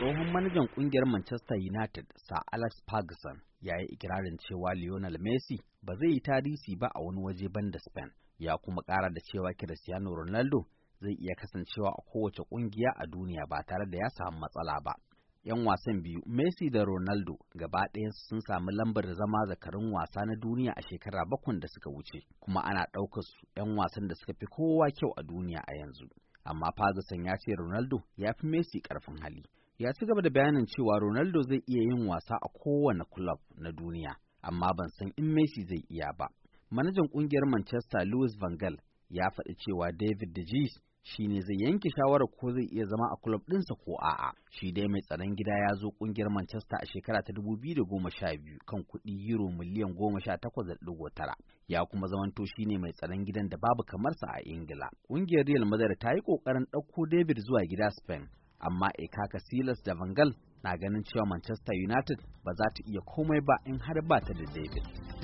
Tsohon manajan kungiyar Manchester United, Sir Alex Ferguson, ya yi ikirarin cewa Lionel Messi ba zai yi tarihi ba a wani waje ban da Spain, ya kuma ƙara da cewa Cristiano Ronaldo zai iya kasancewa a kowace ƙungiya a duniya ba tare da ya samu matsala ba. 'Yan wasan biyu, Messi da Ronaldo, gaba ɗaya sun sami lambar zama zakarun wasa na duniya a shekara bakwai da suka wuce, kuma ana ɗaukar su 'yan wasan da suka fi kowa kyau a duniya a yanzu. Amma Ferguson ya ce Ronaldo ya fi Messi ƙarfin hali. ya ci gaba da bayanin cewa Ronaldo zai iya yin wasa a kowane club na duniya, amma ban san in Messi zai iya ba. Manajan ƙungiyar Manchester Louis Van Gaal ya faɗi cewa David De Gea shi ne zai yanke shawarar ko zai iya zama a kulob ɗinsa ko a'a shi dai mai tsaron gida ya zo ƙungiyar manchester a shekara ta 2012 kan kuɗi euro miliyan 18.9 ya kuma zamanto shi ne mai tsaron gidan da babu kamar sa a ingila ƙungiyar real madrid ta yi ƙoƙarin ɗauko david zuwa gida spain amma Ekaka Silas da Vangal na ganin cewa Manchester United ba za ta iya komai ba in har ba ta da David.